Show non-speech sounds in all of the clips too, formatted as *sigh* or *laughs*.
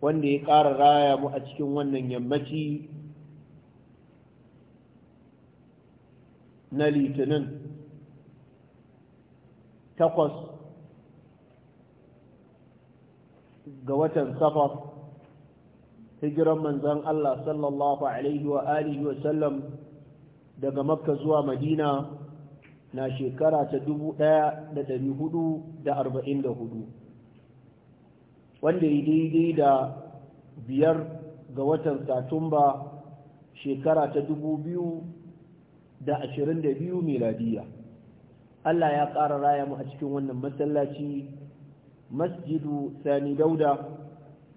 wanda ya ƙara raya mu a cikin wannan yammaci na litinin takwas ga watan safar hijiran manzan Allah sallallahu Alaihi wa alihi wa sallam daga makka zuwa madina na shekara ta dubu ɗaya da da da hudu. wanda ya daidai da biyar ga watan satumba shekara ta dubu biyu da ashirin da biyu meladiya Allah ya ƙara raya mu a cikin wannan masallaci masjidu sani dauda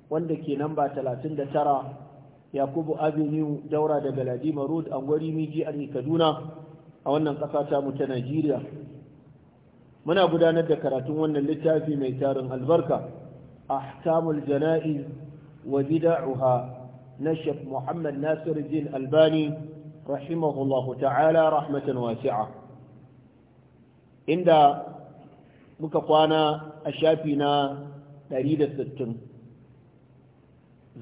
wanda ke namba talatin da tara yakubu avenue daura daga ladima road a gwari miji a kaduna a wannan ƙasa ta mu ta najeriya muna gudanar da karatun wannan littafi mai tarin albarka أحكام الجنائز وبدعها نشف محمد ناصر الدين الباني رحمه الله تعالى رحمة واسعة عند مكقوانا أشافنا تريد الستن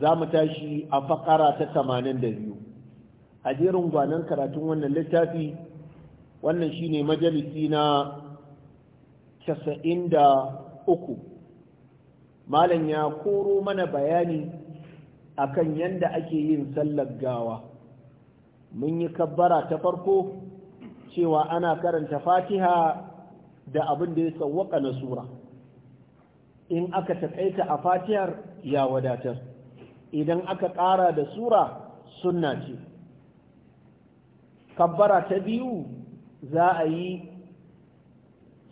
زامتاشي أفقرة تتمانن دذيو أجير مبانا كراتون للتافي wannan shine majalisi na 93 malam ya koro mana bayani akan yadda ake yin sallar gawa mun yi kabbara ta farko cewa ana karanta fatiha da abin da ya tsawwaka na sura in aka taƙaita a fatihar ya wadatar idan aka ƙara da sura sunna ce kabbara ta biyu za a yi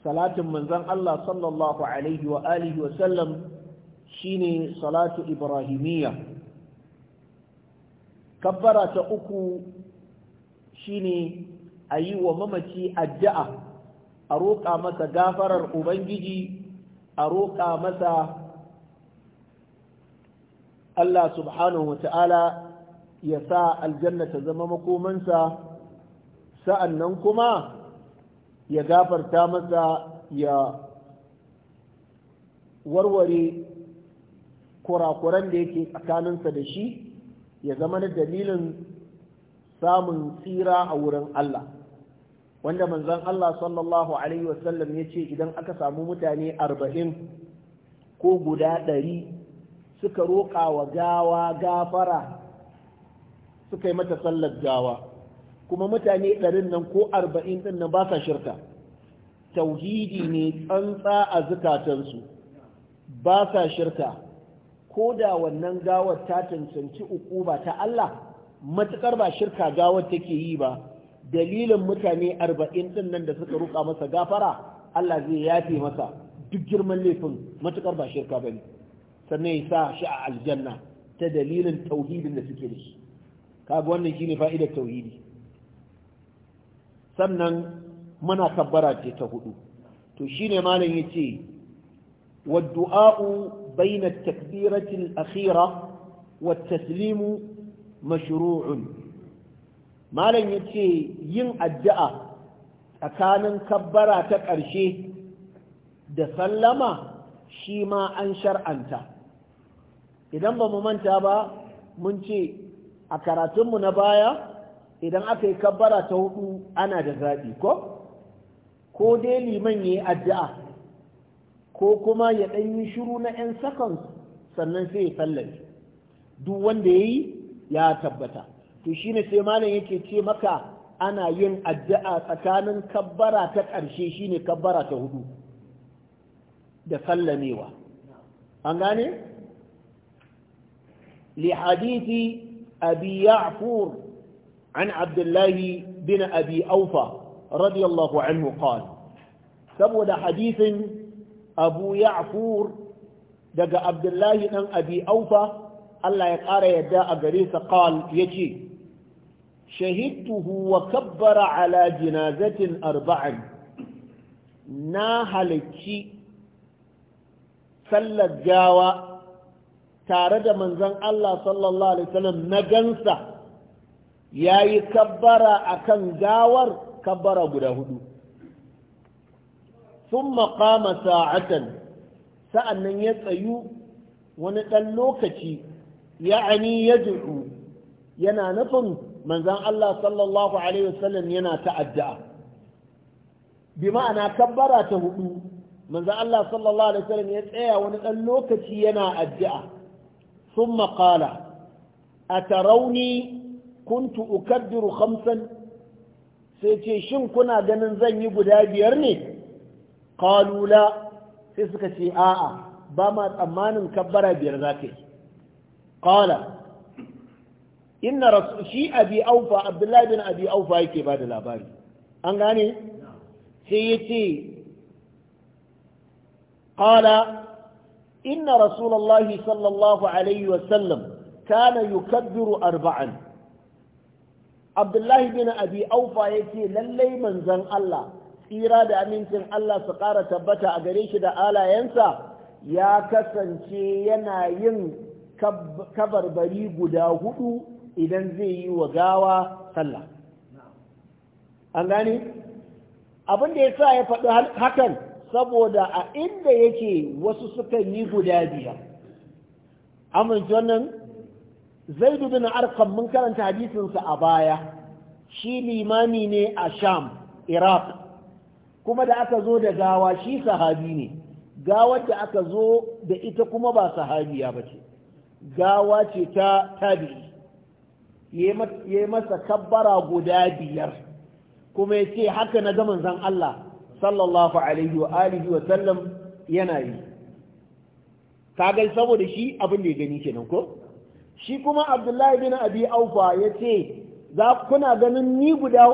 salatin manzon Allah sallallahu alaihi wa alihi wa sallam shine salatu ibrahimiyya kabbara ta uku shine a yi wa mamaci addu'a a roƙa masa gafarar ubangiji a roƙa masa Allah subhanahu wata'ala ya sa aljanna ta zama makomansa sa'an nan kuma ya gafarta masa ya warware kurakuran da yake tsakaninsa da shi ya zama na dalilin samun tsira a wurin Allah wanda manzon Allah sallallahu alaihi wasallam ya ce idan aka samu mutane arba'in ko guda ɗari suka roƙa wa gawa gafara suka yi mata sallar gawa kuma mutane ɗarin nan ko arba'in ɗin nan ba sa shirka tauhidi ne tsantsa a zukatansu ba sa shirka ko da wannan gawar ta cancanci ukuba ta Allah matukar ba shirka gawar take yi ba dalilin mutane arba'in din nan da suka ruka masa gafara Allah zai yafe masa duk girman laifin matukar ba shirka bane sannan ya sa shi a aljanna ta dalilin tauhidin da suke da shi kaga wannan shine fa'idar tauhidi sannan muna kabbara ce ta hudu to shine malam yace والدعاء بين التكبيرة الأخيرة والتسليم مشروع ما لن يتشي ين أدعى أكان كبرة تكرشي دسلم شيما أنشر أنت إذا ما ممنتا با منشي أكراتم نبايا idan aka yi kabbara ta hudu ana da zaɓi ko ko dai liman ya yi addu'a ko kuma ya ɗan yi shiru na 'yan seconds sannan sai ya sallame duk wanda ya yi ya tabbata to shine sai malam yake ce maka ana yin addu'a tsakanin kabbara ta ƙarshe shine kabbara ta hudu da sallamewa an gane li abi ya'fur an abdullahi bin abi aufa radiyallahu anhu qala saboda hadisin abu ya'fur daga abdullahi dan abi aufa Allah ya ƙara yadda a gare sa ya ce shahidtuhu wa kabbara ala jinazatin arba'in na halicci sallar gawa tare da manzon Allah sallallahu alaihi wasallam na gansa yayi kabbara akan gawar kabbara guda hudu sun makama sa’atan sa’annan ya tsayu wani ɗan lokaci ya ani ya jiru yana nufin manzan Allah sallallahu Alaihi wasallam yana ta’adda’a. bi ma’ana kabbara ta hudu manzan Allah sallallahu Alaihi ya tsaya wani ɗan lokaci yana addu’a sun makala a tarauni kuntu ukaddiru khamsan sai ce shin kuna ganin zan yi guda biyar ne? qalu la sai suka ce a'a ba ma tsammanin kabbara biyar za ka yi qala inna rasul shi abi aufa abdullahi bin abi aufa yake ba da labari an gane sai ce. qala inna rasulullahi sallallahu alaihi wa sallam kana yukabbiru arba'an abdullahi bin abi aufa yace lallai manzon Allah tsira da amincin Allah su ƙara tabbata a gare shi da alayensa ya kasance yana yin kabarbari guda hudu idan zai yi wa gawa sallah an gani abin da ya sa ya faɗi hakan saboda a inda yake wasu suka yi guda biyar amince wannan zai na arkan mun karanta hadisinsa a baya shi limami ne a sham iraq kuma da aka zo da gawa shi sahabi ne gawar da aka zo da ita kuma ba sahabiya ba ce gawa ce ta tabi ya masa kabbara guda biyar kuma ya ce haka na zaman zan Allah sallallahu alaihi wa alihi wa sallam yana yi kagai saboda shi abin da ya gani kenan ko shi kuma abdullahi bin abi aufa ya ce za kuna ganin ni guda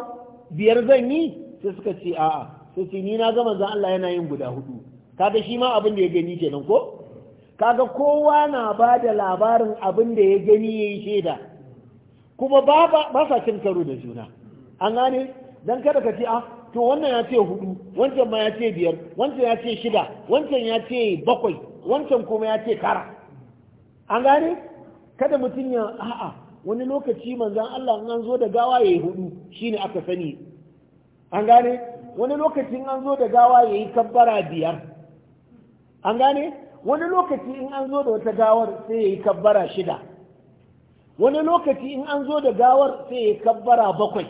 biyar zan yi sai suka ce a'a sai ce ni na ga manzon Allah yana yin guda hudu kaga shi ma abin da ya gani kenan ko kaga kowa na ba da labarin abin da ya gani yayi shaida kuma ba ba sa cin karo da juna an gane dan kada ka ce ah to wannan ya ce hudu wancan ma ya ce biyar wancan ya ce shida wancan ya ce bakwai wancan kuma ya ce tara an gane kada mutum ya a'a wani lokaci manzan Allah an zo da gawa ya yi hudu shine aka sani an gane wani lokaci an zo da gawa ya yi kabbara biyar an gane wani lokaci in an zo da wata gawar sai ya yi kabbara shida wani lokaci in an zo da gawar sai ya yi kabbara bakwai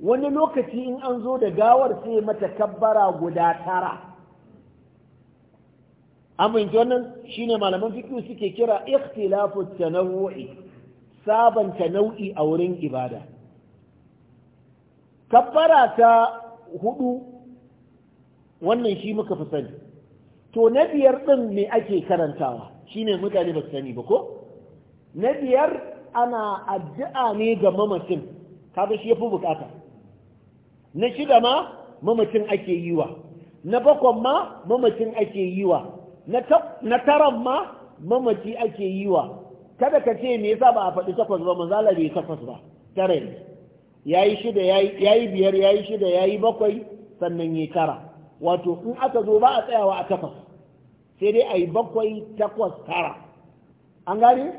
wani lokaci in an zo da gawar sai ya mata kabbara guda tara amince wannan shine malaman fiki suke kira ikhtilafu tanawu'i sabanta nau'i a wurin ibada kabbara ta hudu wannan shi muka fi sani to na biyar ɗin me ake karantawa shine mutane ba su sani ba ko na biyar ana addu'a ne ga mamacin kada shi yafi bukata na shida ma mamacin ake yi wa na bakon ma mamacin ake yi wa na taron ma mamaci ake yi wa kada ka ce me yasa ba a faɗi takwas ba manzala bai takwas ba tare ya yi shida ya yi biyar ya yi shida ya yi bakwai sannan ya tara wato in aka zo ba a tsayawa a takwas sai dai a yi bakwai takwas tara an gane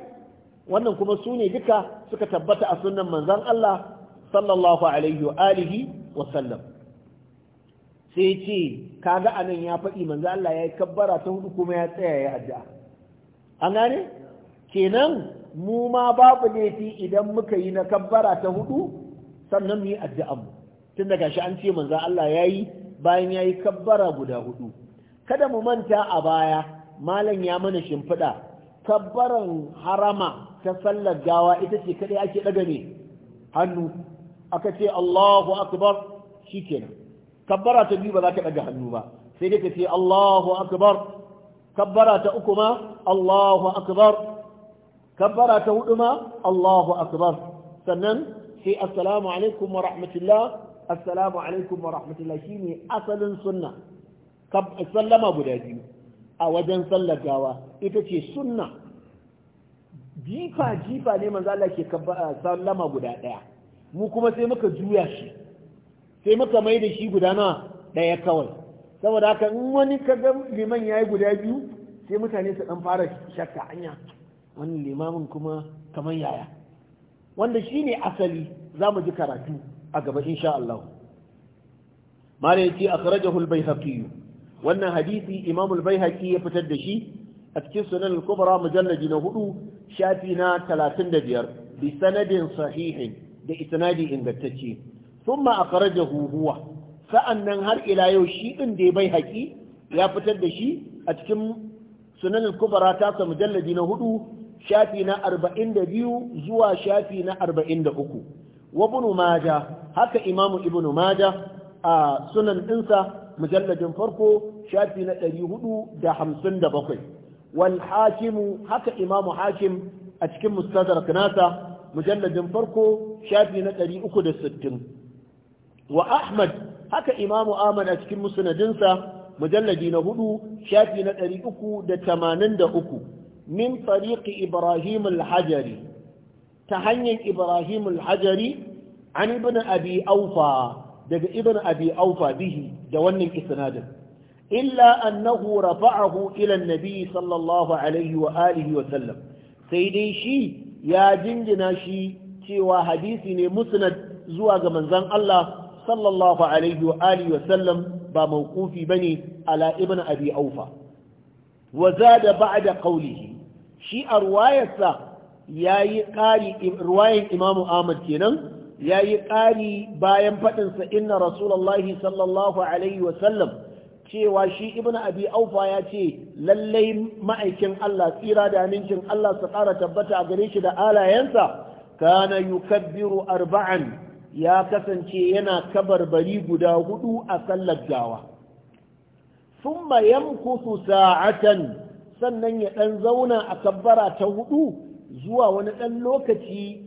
wannan kuma su ne duka suka tabbata a sunan manzan Allah sallallahu alaihi wa alihi wa sallam sai ce kaga anan ya faɗi manzan Allah ya yi kabbara ta hudu kuma ya tsaya ya an gane kenan mu ma babu laifi idan muka yi na kabbara ta hudu sannan mu yi addu'a mu tun daga shi an ce manzo Allah yayi bayan yayi kabbara guda hudu kada mu manta a baya malam ya mana shimfiɗa kabbaran harama ta sallar gawa ita ce kaɗai ake ɗaga ne hannu aka ce Allahu akbar shikenan kabbara ta biyu ba za ka ɗaga hannu ba sai dai ka ce Allahu akbar kabbara ta uku ma Allahu akbar kabbara ta hudu ma Allahu akbar sannan sai assalamu alaikum wa rahmatullah assalamu alaikum wa rahmatullah shine asalin sunna sallama guda biyu a wajen sallar gawa ita ce sunna jifa jifa ne manzo Allah ke sallama guda daya mu kuma sai muka juya shi sai muka mai da shi guda na daya kawai saboda haka in wani ka ga liman yayi guda biyu sai mutane su dan fara shakka anya wannan limamin kuma kaman yaya wanda shi ne asali za mu ji karatu a gaba insha Allah mala yace akhrajahu al-baihaqi wannan hadisi Imamul bai baihaqi ya fitar da shi a cikin sunan al-kubra na hudu shafi na 35 bi sanadin sahihin da isnadi ingantacce thumma akhrajahu huwa nan har ila yau shi din da baihaqi ya fitar da shi a cikin sunan al-kubra ta sa mujalladi na hudu shafi na biyu zuwa shafi na 43 wa ibn maja haka Imam ibn maja a sunan dinsa mujalladin farko shafi na 457 wal hakim haka imamu hakim a cikin mustadrak nasa mujalladin farko shafi na 360 wa ahmad haka imamu ahmad a cikin musnadinsa mujalladi na 4 shafi na uku. min tariqi ibrahim al-hajari ta hanyar ibrahim al-hajari an ibn abi aufa daga ibn abi aufa bihi da wannan isnadin illa annahu rafa'ahu ila an-nabi sallallahu alaihi wa alihi wa sallam sai dai shi ya jinjina shi cewa hadisi ne musnad zuwa ga manzon Allah sallallahu alaihi wa alihi wa sallam ba mawqufi bane ala ibn abi aufa wa zada ba'da shi a ruwayarsa ya yi ƙari ruwayan imamu ahmad kenan ya yi ƙari bayan faɗinsa inna rasulallahi sallallahu alaihi wasallam cewa shi ibn abi aufa ya ce lallai ma'aikin Allah tsira da amincin Allah su ƙara tabbata a gare shi da alayensa kana yukabbiru arba'an ya kasance yana kabarbari guda hudu a sallar gawa thumma yamkusu sa'atan sannan ya ɗan zauna a kabbara ta hudu zuwa wani ɗan lokaci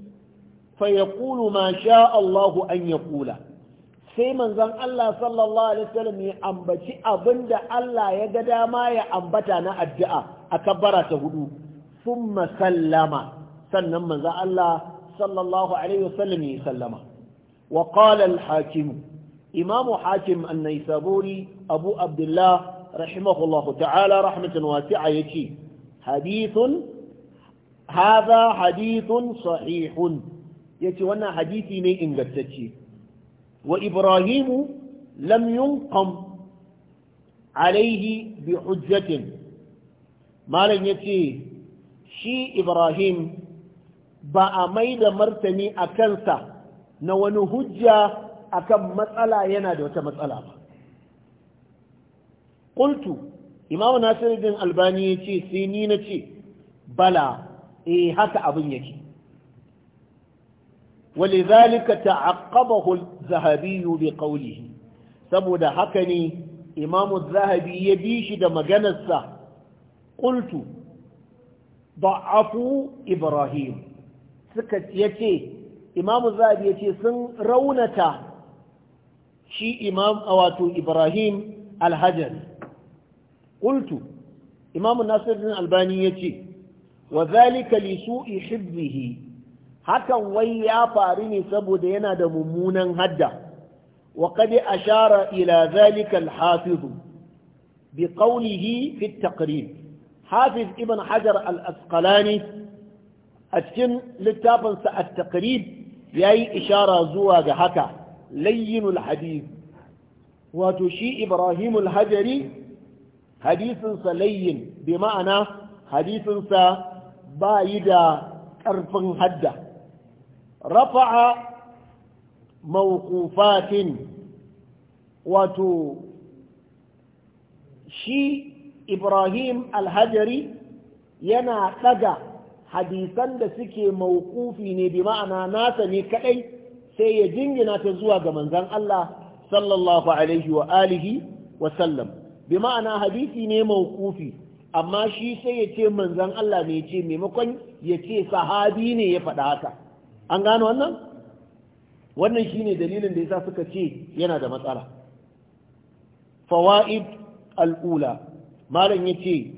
fa ya kulu ma sha Allahu an ya kula sai manzon Allah sallallahu alaihi wasallam ya ambaci abinda Allah ya ga dama ya ambata na addu'a a kabbara ta hudu summa sallama sannan manzon Allah sallallahu alaihi wasallam ya sallama wa qala al-hakim imam hakim an-naisaburi abu abdullah rahimahullahu ta'ala rahmatan wasi'a yace hadithun hadha hadithun sahihun yace wannan hadisi ne ingantacce wa ibrahimu lam yunqam alaihi bi hujjatin malam yace shi ibrahim ba a mai da martani a kansa na wani hujja akan matsala yana da wata matsala qultu imamu nasiruddin albani ya ce sai ni na ce bala E, haka abin yake ولذلك تعقبه bi بقوله saboda haka ne imamu zahabi ya bi shi da maganarsa ƙultu ba'afu ibrahim suka ce, imamu zahabi yace sun raunata shi imam a wato ibrahim alhajar qultu imam nasiruddin albani yace wa zalika li su'i hibbihi hakan wai ya faru ne saboda yana da mummunan hadda wa qad ashara ila zalika al-hafiz bi qawlihi fi at-taqrib hafiz ibn hajar al-asqalani a cikin littafinsa at-taqrib yayi ishara zuwa ga haka layyinul hadith wato shi ibrahimul hajari hadisinsa layyin bi ma'ana hadisinsa ba yi da ƙarfin hadda rafa'a mawqufatin wato shi ibrahim alhajari yana ɗaga hadisan da suke mawqufi ne bi ma'ana nasa ne kaɗai sai ya jingina ta zuwa ga manzan Allah sallallahu alaihi wa alihi bi ma'ana hadisi ne mawqufi amma shi sai ya ce manzon Allah ne ce maimakon ya ce sahabi ne ya faɗa haka an gano wannan wannan shine dalilin da yasa suka ce yana da matsala fawaid al'ula malam yace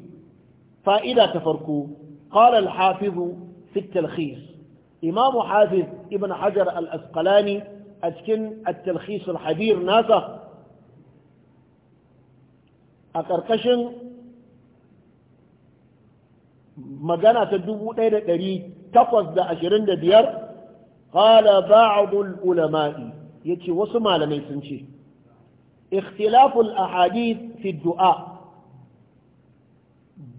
fa'ida ta farko qala al-hafiz fi talkhis imam hafiz ibn hajar al-asqalani a cikin at-talkhis al-hadir nasa a ƙarƙashin magana ta dubu ɗaya da ɗari takwas da ashirin da biyar ƙala ba'adul ulama'i ya ce wasu malamai sun ce ikhtilaful ahadith fi du'a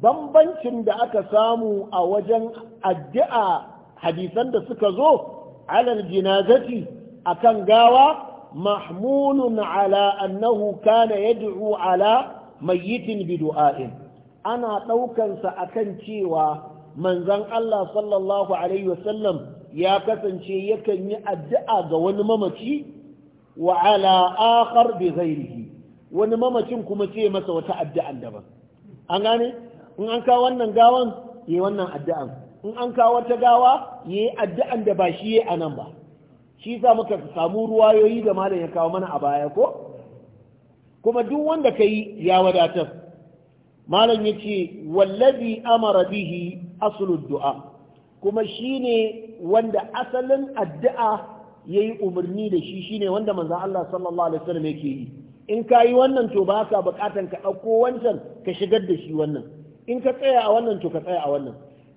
bambancin da aka samu a wajen addu'a hadisan da suka zo alal jinazati akan gawa mahmulun ala annahu kana yad'u ala mayyitin bi du'a'in ana ɗaukansa akan cewa manzon Allah sallallahu alaihi wasallam ya kasance yakan yi addu'a ga wani mamaci wa ala akhar bi ghairihi wani mamacin kuma ce masa wata addu'an daban an gane in an kawo wannan gawan yi wannan addu'an in an kawo wata gawa yi addu'an da ba shi yi anan ba shi sa muka samu ruwayoyi da malam ya kawo mana a baya ko kuma duk wanda ka yi ya wadatar malam ya ce wallazi amara bihi asulun du'a kuma shi ne wanda asalin addu'a ya yi umarni da shi shi ne wanda manzan Allah sallallahu Alaihi wasallam yake yi in ka yi wannan to ba ka bukatan ka ɗauko wancan ka shigar da shi wannan in ka tsaya a wannan to ka tsaya a wannan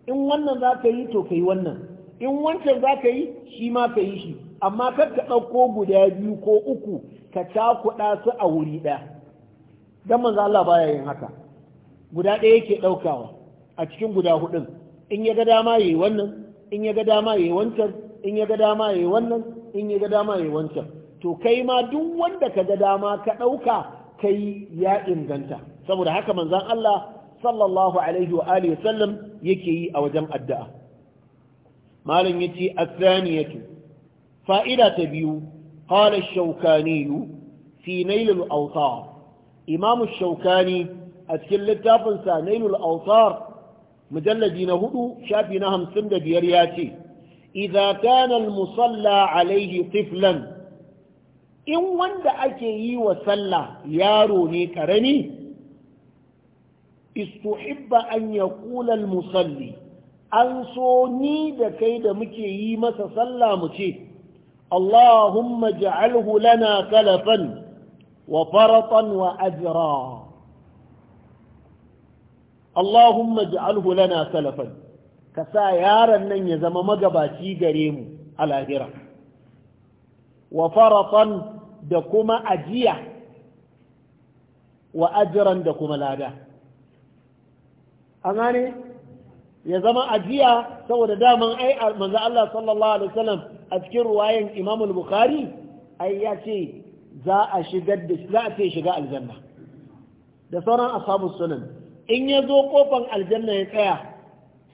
in wannan za ka yi to ka yi wannan in wancan za ka yi shi ma ka yi shi amma kar ka ɗauko guda biyu ko uku ka cakuɗa su a wuri ɗaya don manzo Allah baya yin haka guda ɗaya yake ɗaukawa a cikin guda hudun in ya ga dama yayi wannan in ya ga dama yayi wancan in ya ga dama yayi wannan in ya ga dama yayi wancan to kai ma duk wanda ka ga dama ka ɗauka kai ya inganta saboda haka manzon Allah sallallahu alaihi wa alihi sallam yake yi a wajen addu'a malam yace as-saniyatu fa'ida ta biyu قال الشوكاني في نيل الأوطار إمام الشوكاني أتكل التافنسا نيل الأوطار مجلدين هدو شابنهم سند بيرياتي إذا كان المصلى عليه طفلا in wanda ake yi wa sallah yaro ne karami istuhibba an ya kulal musalli an so ni da kai da muke yi masa sallah mu ce اللهم اجعله لنا كلفا وفرطا وأجرا اللهم اجعله لنا كلفا كسا يارا نن يزم مقباتي قريم على هرا وفرطا دكما أجيا وأجرا دكما لادا أماني ya zama ajiya saboda daman ai manzo Allah sallallahu alaihi wasallam a cikin ruwayan Imam al-Bukhari ai ya ce za a shigar da za a ce shiga aljanna da sauran ashabus sunan in ya zo kofan aljanna ya tsaya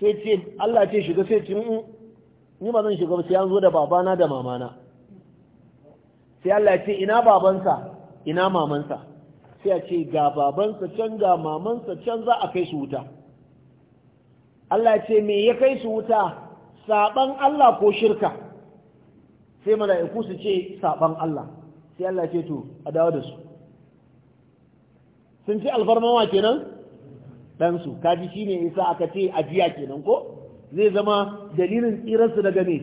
sai ce Allah ce shiga sai ce ni ba zan shiga ba sai an zo da babana da mamana sai Allah ya ce ina babansa ina mamansa sai ya ce ga babansa can ga mamansa can za a kai su wuta Allah ce me ya kai su wuta saban Allah ko shirka sai mala'iku su ce saban Allah sai Allah ce to a dawo da su sun ci alfarmawa kenan ɗansu kaji shi ne aka ce ajiya kenan ko zai zama dalilin su daga ne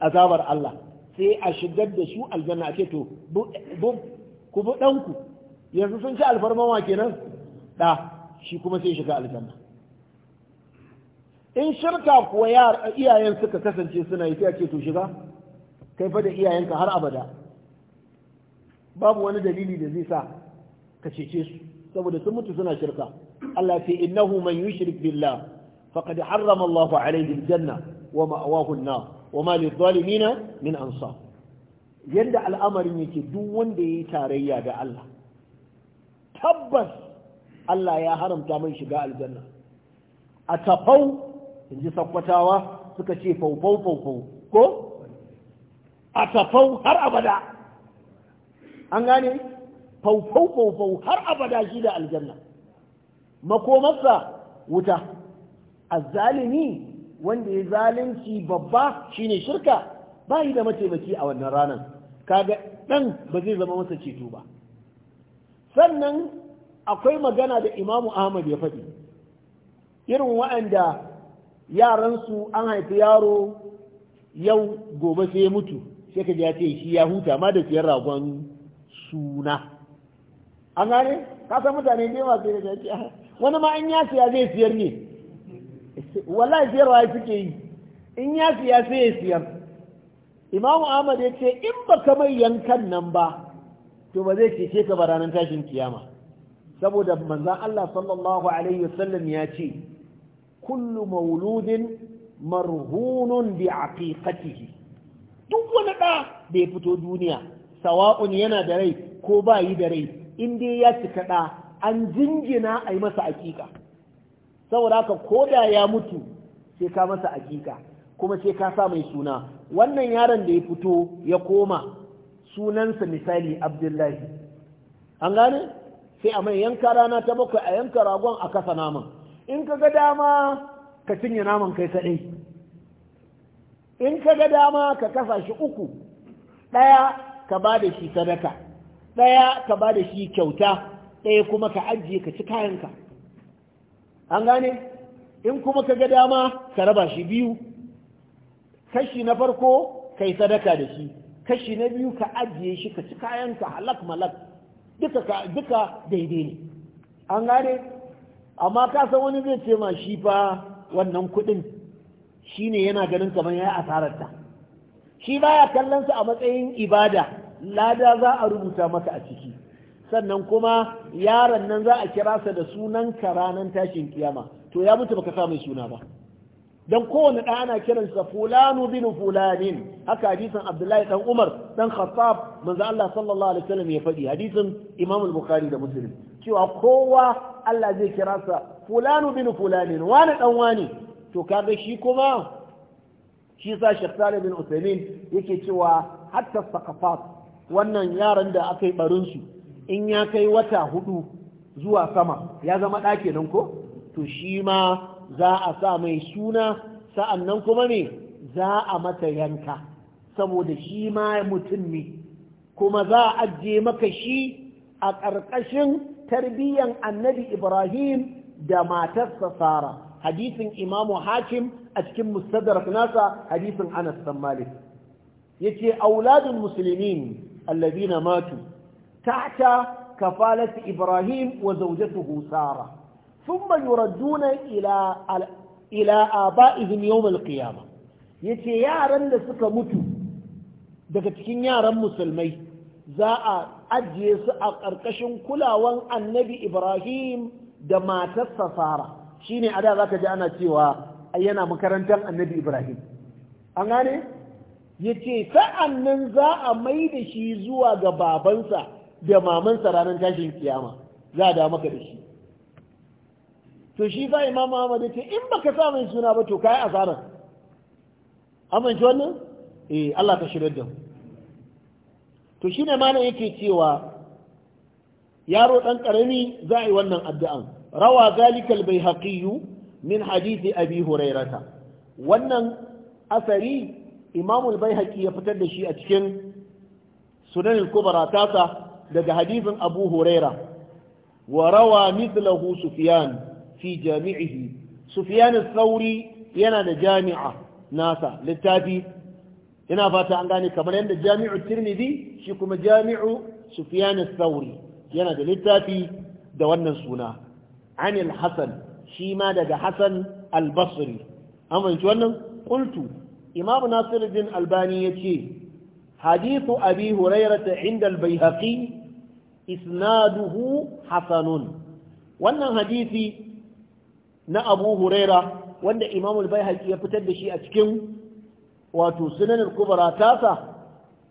azabar Allah sai a shigar da su aljanna a ce to ku bi ɗanku yanzu sun ci alfarmawa kenan da shi kuma sai shiga aljanna in shirka kuwa iyayen suka kasance suna yi sai a ce to shiga kai fa da iyayenka har abada babu wani dalili da zai sa ka cece su saboda sun mutu suna shirka Allah ce innahu man yushrik billah faqad harrama Allahu alayhi janna, wa ma'awahu an wa ma lidh-dhalimin min ansar yadda al'amarin yake duk wanda yayi tarayya da Allah tabbas Allah ya haramta mai shiga aljanna a tafau in ji Sakwatawa suka ce faufau faufau ko a tafau har abada an gane faufau faufau har abada shi da aljanna makomarsa wuta A zalimi wanda ya zalunci babba shine shirka ba yi da mataimaki a wannan ranar kaga ɗan ba zai zama masa ceto ba sannan akwai magana da imamu ahmad ya faɗi irin waɗanda. yaransu an haifi yaro yau gobe sai ya mutu sai ka ya ce shi ya huta ma da siyar ragon suna an gane ka san mutane ne masu ka da ah, wani ma in ya siya zai siyar ne wallahi siyarwa ya suke yi in ya siya sai ya siyar imamu ahmad ya ce in ba ka mai yankan nan ba to ba zai cece ka ba ranar tashin kiyama saboda manzan allah sallallahu alaihi wasallam ya ce kullu mauludin marhunun bi duk wani ɗa da ya fito duniya sawa'un yana da rai ko ba yi da rai in dai ya cika ɗa an jingina a yi masa aqiqa saboda haka ko da ya mutu sai ka masa aƙiƙa kuma sai ka sa mai suna wannan yaron da ya fito ya koma sunansa misali abdullahi an gane sai a mai yanka rana ta bakwai a yanka ragon a kasa naman in ka ga dama ka cinye naman kai kaɗai in ka ga dama ka kasa shi uku ɗaya ka ba da shi sadaka ɗaya ka ba da shi kyauta ɗaya kuma ka ajiye ka ci kayanka an gane in kuma ka ga dama ka raba shi biyu kashi na farko ka yi sadaka da shi kashi na biyu ka ajiye shi ka ci kayanka halak malak duka daidai ne an gane amma ka san wani zai ce ma shi fa wannan kuɗin shine yana ganin kamar ya asararta shi baya kallon su a matsayin ibada lada za a rubuta maka a ciki sannan kuma yaron nan za a kira sa da sunan ranar tashin kiyama to ya mutu baka sa mai suna ba dan kowane ɗa ana kiransa fulanu bin fulanin haka hadisin abdullahi dan umar dan khattab manzo Allah sallallahu alaihi wasallam ya faɗi hadisin imam al-bukhari da muslim cewa kowa Allah zai kira sa fulanu bin fulani wani dan wani to kaga shi kuma shi sa Sheikh Salih bin Uthaymeen yake cewa hatta saqafat wannan yaran da aka yi barin su in ya kai wata hudu zuwa sama ya zama ɗake nan ko to shi ma za a sa mai suna sa'annan kuma ne za a mata yanka saboda shi ma mutum ne kuma za a ajiye maka shi a ƙarƙashin tarbiyyan annabi Ibrahim da matarsa Sara hadisin Imamu Hakim a cikin mustadrak nasa hadisin Anas bin Malik yace auladul muslimin alladhina matu tahta kafalat Ibrahim wa zawjatuhu Sara thumma yuraduna ila ila abaihim yawm al yace yaran da suka mutu daga cikin yaran musulmai za a ajiye su a ƙarƙashin kulawan annabi ibrahim da matarsa sara shine a da zaka ji ana cewa yana makarantar annabi ibrahim an gane ya ce sa'an nan za a mai da shi zuwa ga babansa da mamansa ranar tashin kiyama za a maka da shi to shi fa imam Muhammad ya ce in baka sa mai suna ba to kai asarar amince wannan eh Allah ka shirar da mu to ne malam yake cewa yaro ɗan ƙarami za a yi wannan addu'an rawa zalikal baihaqi min hadisi abi hurairata wannan asari imamul haƙi ya fitar da shi a cikin sunan Kubara tasa daga hadisin abu huraira wa rawa mithlahu sufyan fi jami'ihi sufyan sauri yana da jami'a nasa littafi ina fata an gane kamar yadda jami'u tirmidhi shi kuma jami'u sufyan thawri yana da littafi da wannan suna anil hasan shi ma daga hasan al-basri amince wannan qultu Nasiru nasiruddin albani yace hadithu abi hurairah inda al-baihaqi isnaduhu hasanun wannan hadisi na abu huraira wanda imamul bai ya fitar da shi a cikin wato sunanin kubara tasa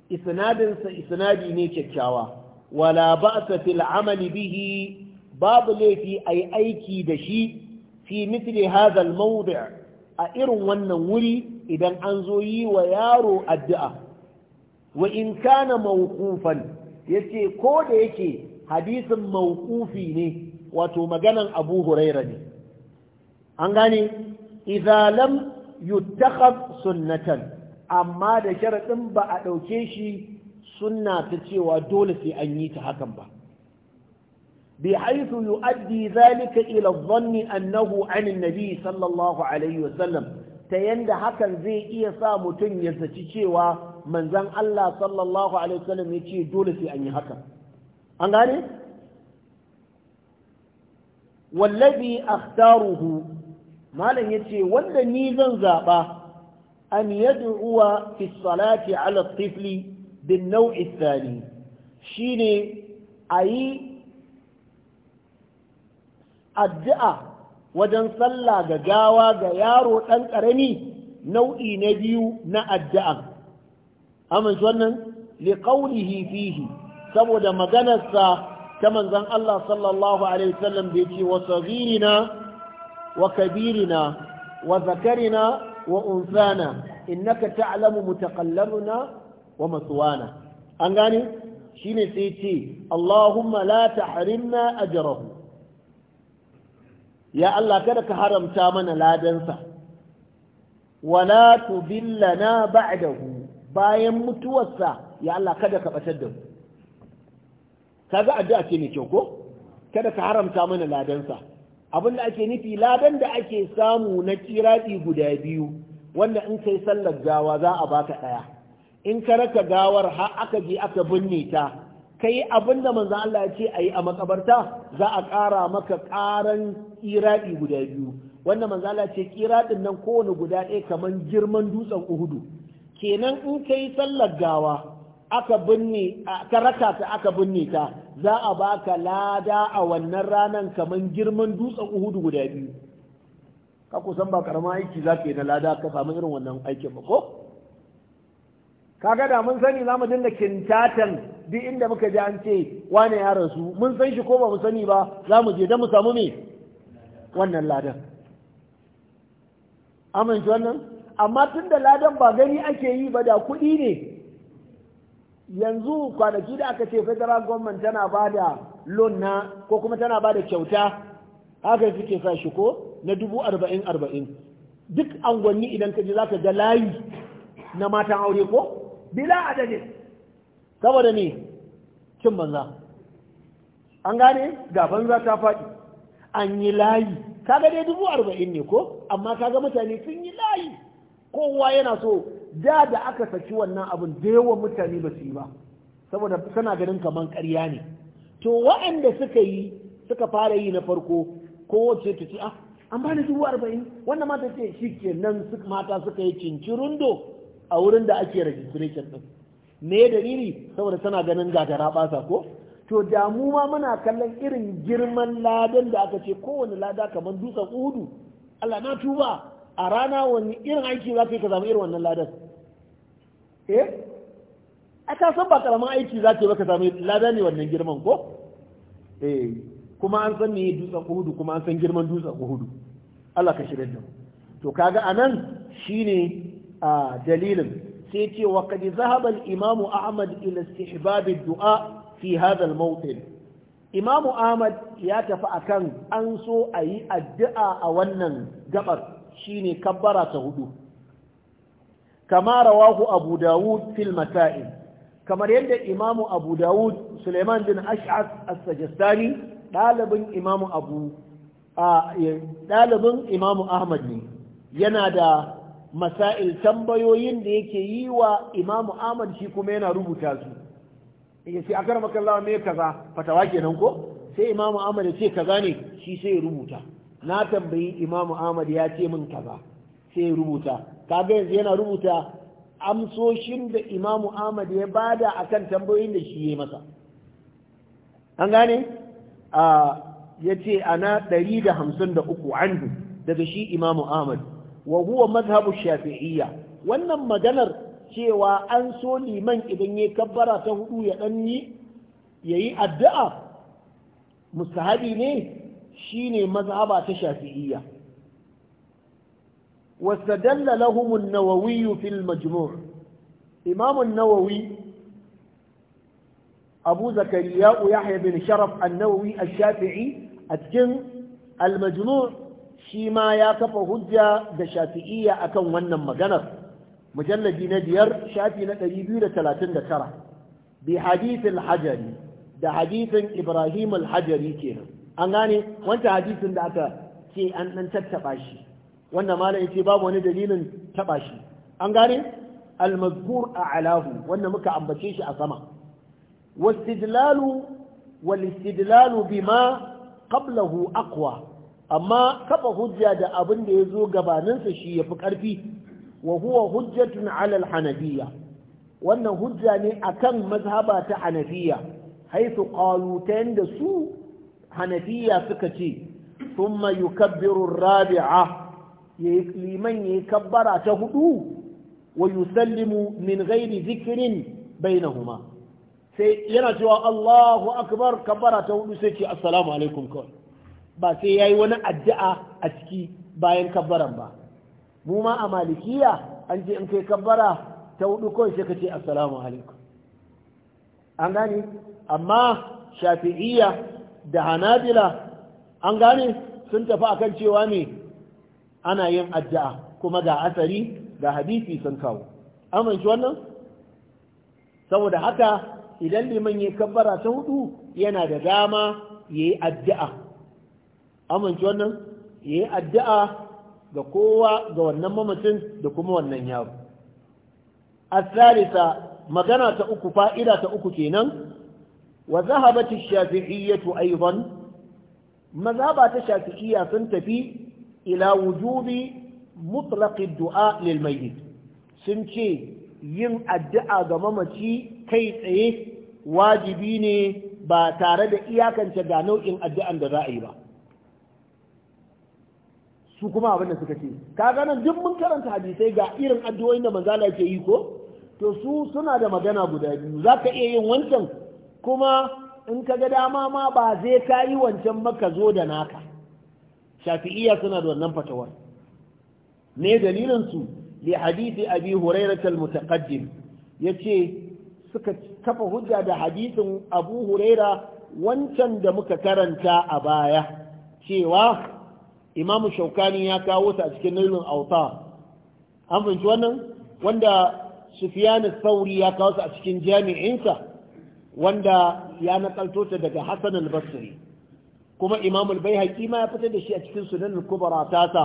isnadinsa isnadi ne kyakkyawa wala ba'sa fil amali bihi babu laifi yi aiki da shi fi mithli hadha mawdi' a irin wannan wuri idan an zo yi wa yaro addu'a wa in kana mawqufan yace ko da yake hadisin mawqufi ne wato maganan Abu Hurairah ne an gane idza lam yuttakhab sunnatan amma da sharadin ba a dauke shi sunna ta cewa dole sai an yi ta hakan ba bi haythu yuaddi zalika ila dhanni annahu an annabi sallallahu alaihi wasallam ta yanda hakan zai iya sa mutum ya saci cewa manzon Allah sallallahu alaihi wasallam ya ce dole sai an yi hakan an gane wallazi akhtaruhu malam yace wanda ni zan zaɓa an yad'uwa fi salati ala tifli bin nau'i thani shine ayi addu'a wajen sallah ga gawa ga yaro ɗan ƙarami nau'i na biyu na addu'a amma wannan liqaulihi fihi saboda maganarsa ta manzon Allah sallallahu alaihi wasallam da yake wa saghirina وكبيرنا وذكرنا وأنثانا إنك تعلم متقلبنا ومثوانا أنغاني شيني سيتي اللهم لا تحرمنا أجره يا الله كدك حرم تامنا لا دنسى ولا تذلنا بعده bayan mutuwarsa ya Allah kada ka batar da mu kaga addu'a ce mai kyau ko kada ka haramta mana ladansa abin da ake nufi ladan da ake samu na kiradi guda biyu wanda in kai sallar gawa za a baka ɗaya in ka raka gawar har aka je aka binne ta kai abin da manzo Allah ya ce a yi a makabarta za a ƙara maka ƙaran kiradi guda biyu wanda manzo Allah ce kiradin nan kowane guda ɗaya kamar girman dutsen Uhudu kenan in kai sallar gawa aka binne ka raka ta aka binne ta za a baka lada a wannan ranan kaman girman dutsen uhudu guda biyu ka kusan ba karama aiki za ka yi na lada ka samu irin wannan aikin ba ko kaga da mun sani za mu dinga kintatan duk inda muka ji an ce wane ya rasu mun san shi ko ba mu sani ba za mu je don mu samu me wannan ladan amince wannan amma tun da ladan ba gani ake yi ba da kuɗi ne yanzu kwanaki da aka ce federal government tana ba da loan na ko kuma tana ba da kyauta haka suke sa shi ko na dubu arba'in arba'in duk angonni idan ka ji za ka ga layi na matan aure ko bila adadin saboda ne cin banza an gane ga banza ta faɗi an yi layi ga dai dubu arba'in ne ko amma ga mutane sun yi layi kowa yana so da da aka saki wannan abin da yawan mutane ba su yi ba saboda suna ganin kaman ƙarya ne to waɗanda suka yi suka fara yi na farko kowace ta ce ah an bani dubu arba'in wannan mata ce shi ke nan mata suka yi cincirundo a wurin da ake registration ɗin me dalili saboda tana ganin gagara basa ko to da mu ma muna kallon irin girman ladan da aka ce kowane lada kamar dutsen udu Allah na tuba a rana wani irin aiki za ka yi ka zama irin wannan ladan eh a ka san ba karamin aiki za ka yi ba ka samu lada ne wannan girman ko eh kuma an san me dutsen uhudu kuma an san girman dutsen uhudu Allah ka shirya da mu to kaga anan shine a dalilin sai ce wa qad zahaba al-imamu ahmad ila istihbab ad-du'a fi hadha al-mawtin imamu ahmad ya tafi akan an so a yi addu'a a wannan gabar shine kabbara ta hudu kama rawahu abu dawud fil masail kamar yadda imamu abu dawud suleiman bin ash'as as-sajistani dalibin imamu abu dalibin imamu ahmad ne yana da masail tambayoyin da yake yi wa imamu ahmad shi kuma yana rubuta su ya ce akar makallawa me kaza fatawa kenan ko sai imamu ahmad ya ce kaza ne shi sai ya rubuta na tambayi imamu ahmad ya ce min kaza sai rubuta kaga yanzu yana rubuta amsoshin da imamu ahmad ya bada akan tambayoyin da shi ya masa an gane a ya ce ana 153 anhu daga shi imamu ahmad wa huwa mazhabu shafi'iyya wannan maganar cewa an so liman idan ya kabbara ta hudu ya dan yi yayi addu'a mustahabi ne shi ne mazaba ta shafi'iyya wasu dalla nawawi fil majmur imamun nawawi abu zakariyaku ya bin sharaf annawawi a shafi'i a cikin almajmur shi ma ya kafa hujja da shafi'iyya a kan wannan maganar mujallabi na biyar shafi na 239 bi hadithin hajari da hadithin ibrahim al-hajari kenan an gane wancan hadisin da aka ce an dan tattaba shi wannan malam yace babu wani dalilin taba shi an gane al-mazkur a'lahu wanda muka ambace shi a sama wastidlalu wal bima qablahu aqwa amma kafa hujja da abin da yazo gabaninsa shi yafi karfi wa huwa hujjatun ala al-hanabiyya wannan hujja ne akan mazhaba ta hanafiya haythu qalu da su hanafiya suka ce summa yukabbiru rabi'a liman yayi kabbara ta hudu wa yusallimu min ghairi dhikrin bainahuma sai yana cewa Allahu akbar kabbara ta hudu sai ce assalamu alaikum kawai ba sai yayi wani addu'a a ciki bayan kabbaran ba mu ma a malikiya an ce in kai kabbara ta hudu kawai sai ka ce assalamu alaikum an gani amma shafi'iyya da hanabila an gane sun tafi a kan cewa ne ana yin addu'a kuma ga asari ga hadisi sun kawo amince wannan saboda haka idan liman ya kabbara ta hudu yana da dama yayi addu'a amince wannan yayi addu'a ga kowa ga wannan mamacin da kuma wannan yaro asalisa magana ta uku fa'ida ta uku kenan وذهبت الشافعية أيضا tafi الشافعية تنتفي إلى وجوب مطلق الدعاء Sun ce yin addu'a ga mamaci kai tsaye wajibi ne ba tare da iyakance ga nau'in addu'an da za a yi ba su kuma abin da suka ce kaga nan duk mun karanta hadisai ga irin addu'o'in da manzala ke yi ko to su suna da magana guda biyu za ka iya yin wancan kuma in ka ga dama ma ba zai ka yi wancan maka zo da naka shafi'iyya suna da wannan fatawar ne dalilin su li hadisi abi hurairah al-mutaqaddim yace suka kafa hujja da hadisin abu huraira wancan da muka karanta a baya cewa imamu shaukani ya kawo ta a cikin nailun auta an fahimci wannan wanda sufiyanu sauri ya kawo ta a cikin jami'insa wanda ya nakalto ta daga Hassan al-Basri kuma Imam al-Baihaqi ma ya fitar da shi a cikin Sunan al-Kubra tasa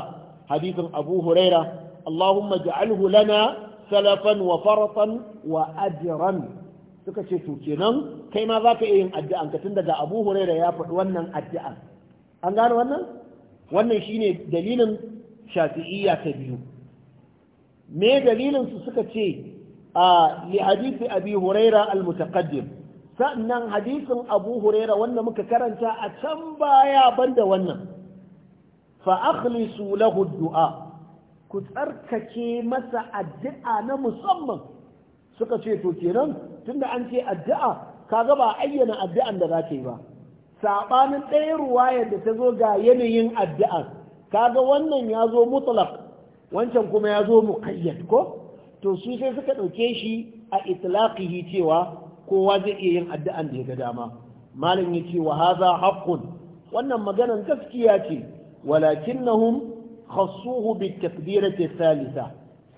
hadisin Abu Huraira Allahumma ja'alhu lana salafan wa faratan wa ajran suka ce to kenan kai ma zaka iya yin addu'an ka daga Abu Huraira ya faɗi wannan addu'an an gane wannan wannan shine dalilin Shafi'iyya ta biyu me dalilin su suka ce a li hadisi Abi Huraira al-mutaqaddim sannan hadisin abu huraira wanda muka karanta a can baya banda wannan fa akhlisu lahu du'a ku tsarkake masa addu'a na musamman suka ce to kenan tunda an ce addu'a kaga ba ayyana addu'an da zake yi ba sabanin ɗaya ruwayar da ta zo ga yanayin addu'a kaga wannan ya zo mutlaq wancan kuma ya zo muqayyad ko to su sai suka ɗauke shi a itlaqihi cewa kowa zai iya yin addu'an da ya ga dama malam yace wa hadha haqqun wannan maganar gaskiya ce walakinnahum khassuhu bi takbirati thalitha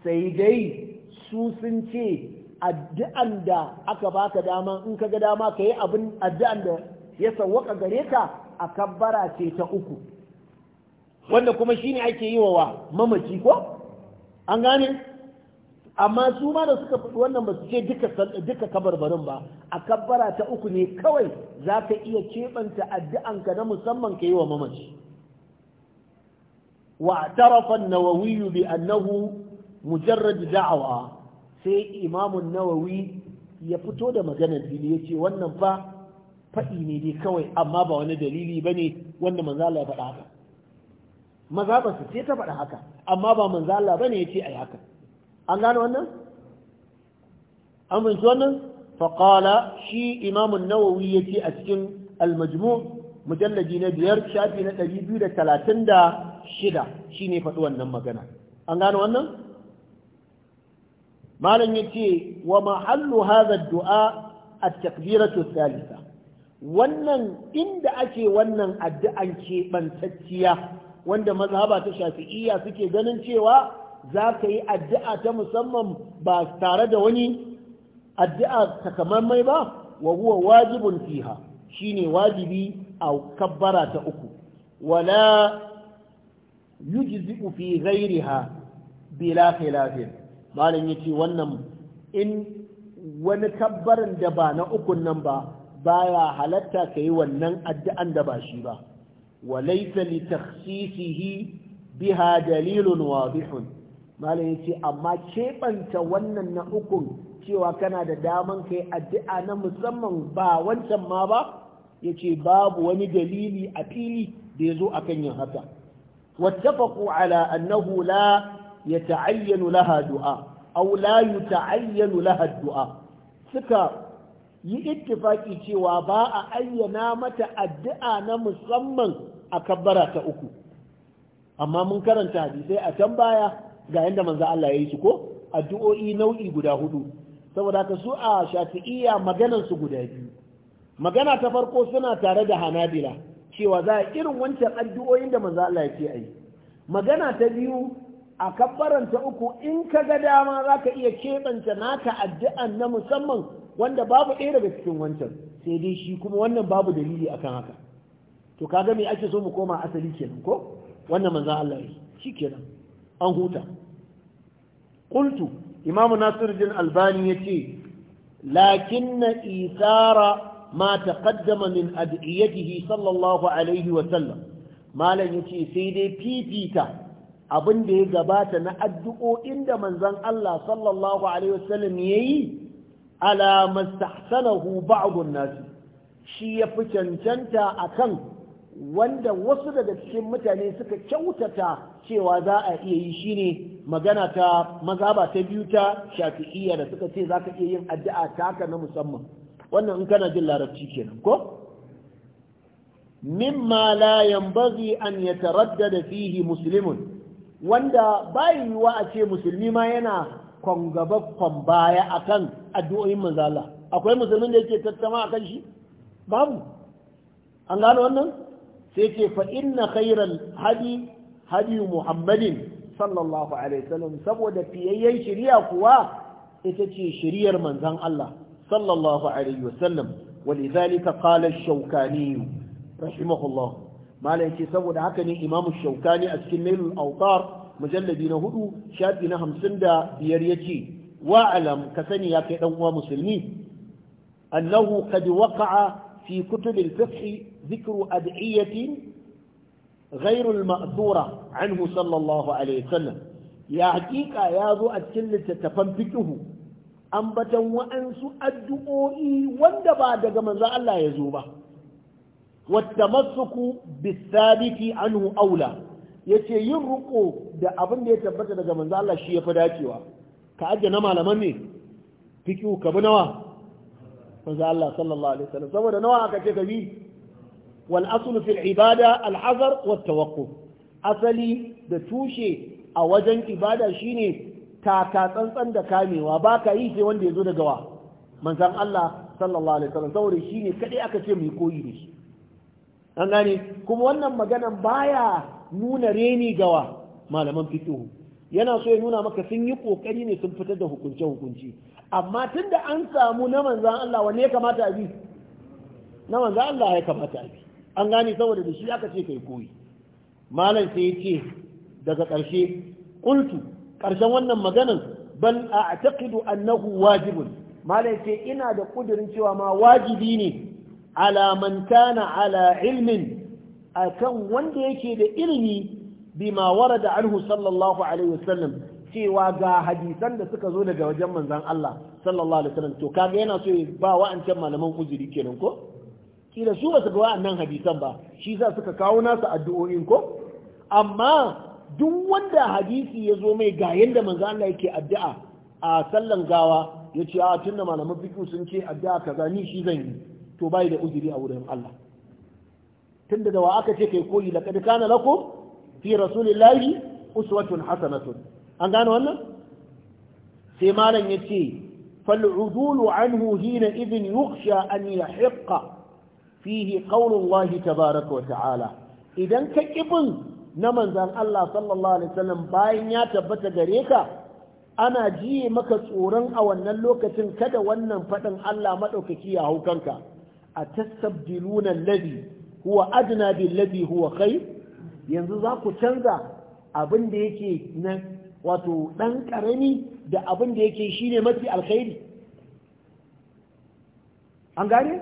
sai dai su sun ce addu'an da aka baka dama in ka ga dama ka yi abin addu'an da ya sawwaka gare ka a kabbara ce ta uku wanda kuma shine ake yi wa mamaci ko an gane amma su ma da suka faɗi wannan ba su ce duka kabarbarin ba a kabbara ta uku ne kawai za ka iya keɓanta addu'anka na musamman ka yi wa mamaci wa tarafan nawawi bi annahu mujarrad da'awa sai imamun nawawi ya fito da maganar fili ya ce wannan fa faɗi ne dai kawai amma ba wani dalili ba ne wanda manzala ya faɗa haka maza ba su ce ta faɗa haka amma ba manzala ba ne ya ce a yi haka an gano wannan an binci wannan faƙala shi imamun nawawi ya ce a cikin almajmu mujallaji na biyar shafi na ɗari biyu da talatin da shida shi ne faɗi wannan magana an gano wannan malam ya ce wa mahallu hazar du'a a takbiratu salisa wannan inda ake wannan addu'an keɓantacciya wanda mazhaba ta shafi'iyya suke ganin cewa za ka yi addu'a ta musamman ba tare da wani addu'a ta kamar mai ba wa huwa wajibun fiha ne wajibi a kabbara ta uku wala yujzi'u fi ghairiha bila malin ya ce wannan in wani kabbarin da ba na ukun nan ba ba ya halatta ka yi wannan addu'an da ba shi ba walaysa li takhsisihi biha dalilun wadihun malam yace amma keɓanta wannan na ukun cewa kana da daman kai addu'a na musamman ba wancan ma ba yace babu wani dalili a fili da yazo akan yin haka wattafaqu ala annahu la yata'ayyanu laha du'a aw la laha du'a suka yi ittifaki cewa ba a ayyana mata addu'a na musamman a kabbara ta uku amma mun karanta hadisai a can baya ga yadda manzo Allah ya yi su ko addu'o'i nau'i guda hudu saboda haka su a shafi'iyya maganar su guda biyu magana ta farko suna tare da hanabila cewa za a irin wancan addu'o'in da manzo Allah ya ce ai magana ta biyu a ta uku in ka ga dama za ka iya keɓanta naka addu'an na musamman wanda babu ɗaya daga cikin wancan sai dai shi kuma wannan babu dalili akan haka to kaga me ake so mu koma asali kenan ko wannan manzo Allah ya shi kenan an huta qultu imam nasiruddin albani yace na isara ma ƙaddama min ad'iyatihi sallallahu alaihi wa sallam ya ce, sai dai fifita abin da ya gabata na addu'o'in da manzon Allah sallallahu alaihi wa sallam yayi ala mastahsanahu ba'd an shi ya fi cancanta kan wanda wasu daga cikin mutane suka kyautata cewa za a iya yi shine magana ta mazaba ta biyu ta shafi'iyya da suka ce za ka iya yin addu'a taka na musamman wannan in kana jin larabci kenan ko mimma la yanbaghi an yataraddada fihi muslimun wanda bai yiwa a ce musulmi ma yana kwangaba kwambaya akan addu'o'in manzala akwai musulmin da yake tattama akan shi babu an gano wannan sai ce fa inna khayral hadi Hadiyu muhammadin sallallahu alaihi wasallam saboda fiyayyen shari'a kuwa ita ce shiryar manzon Allah sallallahu alaihi wasallam walidhalika qala ash-shawkani rahimahullah malai ce saboda haka ne imamu shaukani a cikin nailul autar mujalladi na hudu shafi na hamsin da biyar ya ce wa alam ka sani ya kai uwa musulmi annahu qad waka'a fi kutubil fiqh dhikru ad'iyatin غير المأثورة عنه صلى الله عليه وسلم يا حقيقة يا ذو أتكل تتفنفكه أنبتا وأنس أدعوئي واندبا دقم ذا ba. يزوبه والتمسك بالثابت عنه أولى yace yin ruko da abin da ya tabbata daga manzo Allah shi yafi dacewa ka ajiye na malaman ne fiqhu ka bi nawa manzo Allah sallallahu alaihi wasallam saboda nawa aka ce ka bi wal aslu fil ibada al hazar wa asali da tushe a wajen ibada shine taka tsantsan da kamewa baka yi sai wanda ya zo daga wa manzan Allah sallallahu alaihi wasallam saboda shi ne kadai aka ce mai koyi da shi kuma wannan maganan baya nuna reni gawa malaman fiqh yana so ya nuna maka sun yi kokari ne sun fitar da hukunce hukunci amma tunda an samu na manzan Allah wanne ya kamata a bi na manzan Allah ya kamata a bi an gane saboda da shi aka ce kai koyi malam sai ya ce daga ƙarshe ƙultu ƙarshen wannan maganan bal a taƙidu annahu wajibun malam ce ina da ƙudurin cewa ma wajibi ne alamantana ala ilmin akan wanda yake da ilimi bima da alhu sallallahu alaihi wasallam cewa ga hadisan da suka zo daga wajen manzon Allah sallallahu alaihi wasallam to kaga yana so ya ba wa'ancan malaman uzuri kenan ko kila su ba su ga wa'annan hadisan ba shi sa suka kawo nasu addu'o'in ko amma duk wanda hadisi ya zo mai ga yadda manzo Allah yake addu'a a sallan gawa ya ce a tunda malaman fiqh sun ce addu'a kaza ni shi zan yi to bai da uzuri a wurin Allah tunda da wa aka ce kai koyi laqad kana lakum fi rasulillahi uswatun hasanatun an gano wannan sai malam yace fal udulu anhu hina idhin yukhsha an yahiqqa fihi qaulullahi tabaaraka wa ta'ala idan ka kibin na manzan Allah sallallahu alaihi wasallam bayan ya tabbata gare ka ana jiye maka tsoron a wannan lokacin kada wannan fadin Allah madaukaki ya haukanka a tasabdiluna alladhi huwa adna billadhi huwa khair yanzu za ku canza abin da yake na wato dan karami da abin da yake shine mafi alkhairi an gane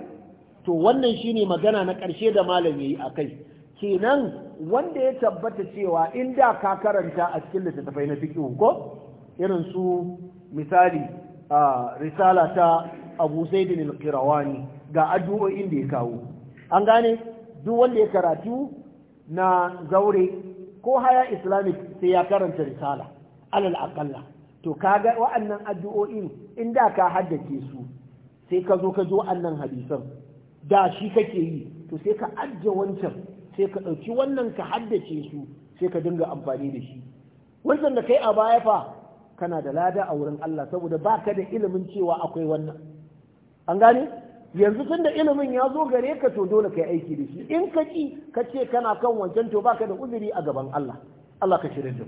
to wannan shine magana na ƙarshe da malam yayi a kai kenan wanda ya tabbata cewa in da ka karanta a cikin littattafai na fiqh ko irin su misali a risala ta Abu Zaid al-Qirawani ga addu'o'in da ya kawo an gane duk wanda ya karatu na zaure ko haya islamic sai ya karanta risala alal aqalla to kaga wa'annan addu'o'in inda ka haddace su sai ka zo ka zo annan hadisan da shi kake yi to sai ka ajiye wancan sai ka ɗauki wannan ka haddace su sai ka dinga amfani da shi wancan da kai a baya fa kana da lada a wurin Allah saboda ba ka da ilimin cewa akwai wannan an gane yanzu tun da ilimin ya zo gare ka to dole ka yi aiki da shi in ka ki ka ce kana kan wancan to baka da uzuri a gaban Allah Allah ka shirya da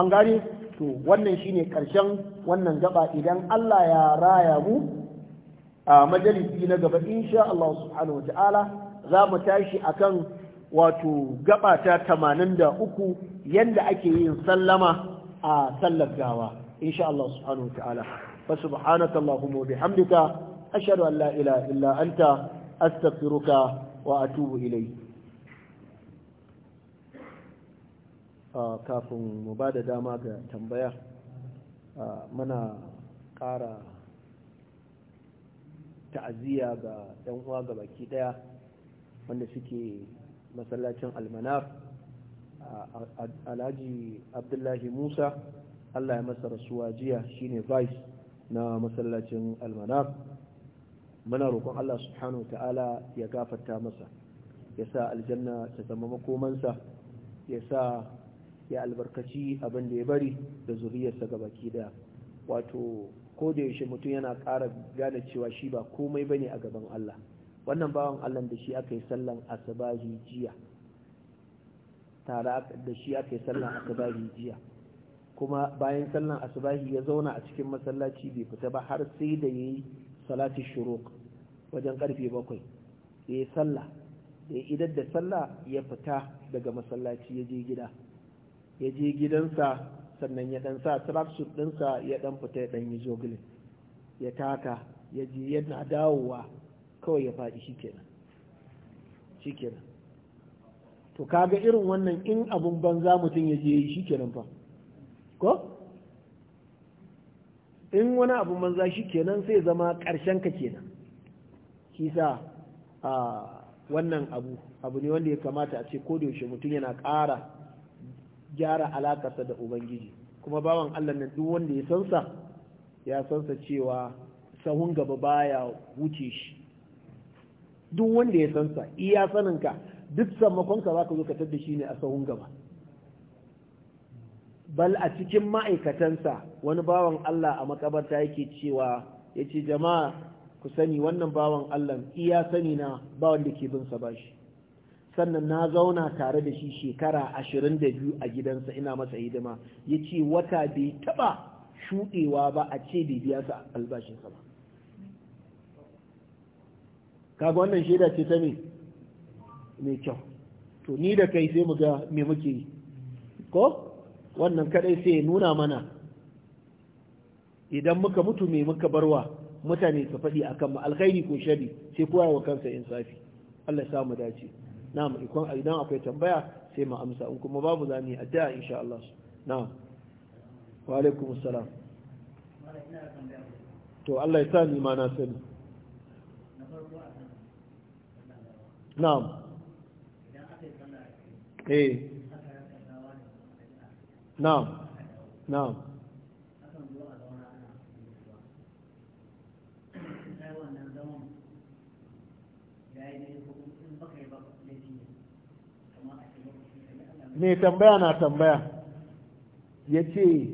an gane to wannan shine karshen wannan gaba idan Allah ya raya mu a majalisi na gaba insha Allah subhanahu wa ta'ala za mu tashi akan wato gaba ta 83 yanda ake yin sallama a sallar gawa insha Allah subhanahu wa ta'ala fa subhanaka allahumma wa bihamdika ashhadu an la ilaha illa anta astaghfiruka wa atubu ilayk kafin mu ba da dama ga tambaya mana ƙara ta'aziyya ga ɗan uwa ga baki daya wanda suke masallacin almanar alhaji abdullahi musa allah ya masa rasuwa jiya shine vice na masallacin almanar muna roƙon allah subhanahu ta'ala ya gafarta masa ya sa aljanna ta zama makomansa ya sa ya albarkaci abin da ya bari da zuriyarsa ga baki daya wato ko da yaushe mutum yana ƙara gane cewa shi ba komai bane a gaban Allah wannan bawan Allah da shi aka yi sallan asabahi jiya tare da shi aka yi sallan hijiya kuma bayan sallan asubahi ya zauna a cikin masallaci bai fita ba har sai da yayi salati shuruq wajen karfe bakwai ya yi sallah da da sallah ya fita daga masallaci ya je gida ya je gidansa sannan ya dan sa suit ɗinsa ya dan fita ya dan yi joggling ya taka ya ji yana dawowa kawai ya faɗi shikenan shikenan to kaga irin wannan in abun banza mutum ya je yi shikenan fa ko in wani abun banza shikenan sai zama karshen ka kenan kisa a wannan abu abu ne wanda ya kamata a ce ko yaushe mutum yana ƙara gyara alakarsa da ubangiji kuma bawan Allah na duk wanda ya sansa ya sansa cewa sahun gaba baya wuce shi duk wanda ya sansa iya saninka duk sammakonka za ka zo ka tadda shi ne a sahun gaba bal a cikin ma'aikatansa wani bawan Allah a makabarta yake cewa ya ce jama'a ku sani wannan bawan Allah iya sani na bawan da ke bin sa bashi sannan na zauna tare da shi shekara ashirin da biyu a gidansa ina masa hidima ya ce wata bai taɓa shuɗewa ba a ce bai biya sa albashinsa ba kaga wannan shaida ce ta me mai kyau to ni da kai sai mu ga me muke yi ko wannan kadai sai ya nuna mana idan muka mutu me muka barwa mutane su faɗi akan mu alkhairi ko shari sai kowa wa kansa insafi Allah ya samu dace na'am ikon idan akwai tambaya sai mu amsa in kuma babu za mu yi addu'a insha Allah na'am wa alaikum assalam to Allah ya sa ni ma na sani na'am eh na'am na'am mai tambaya na tambaya ya ce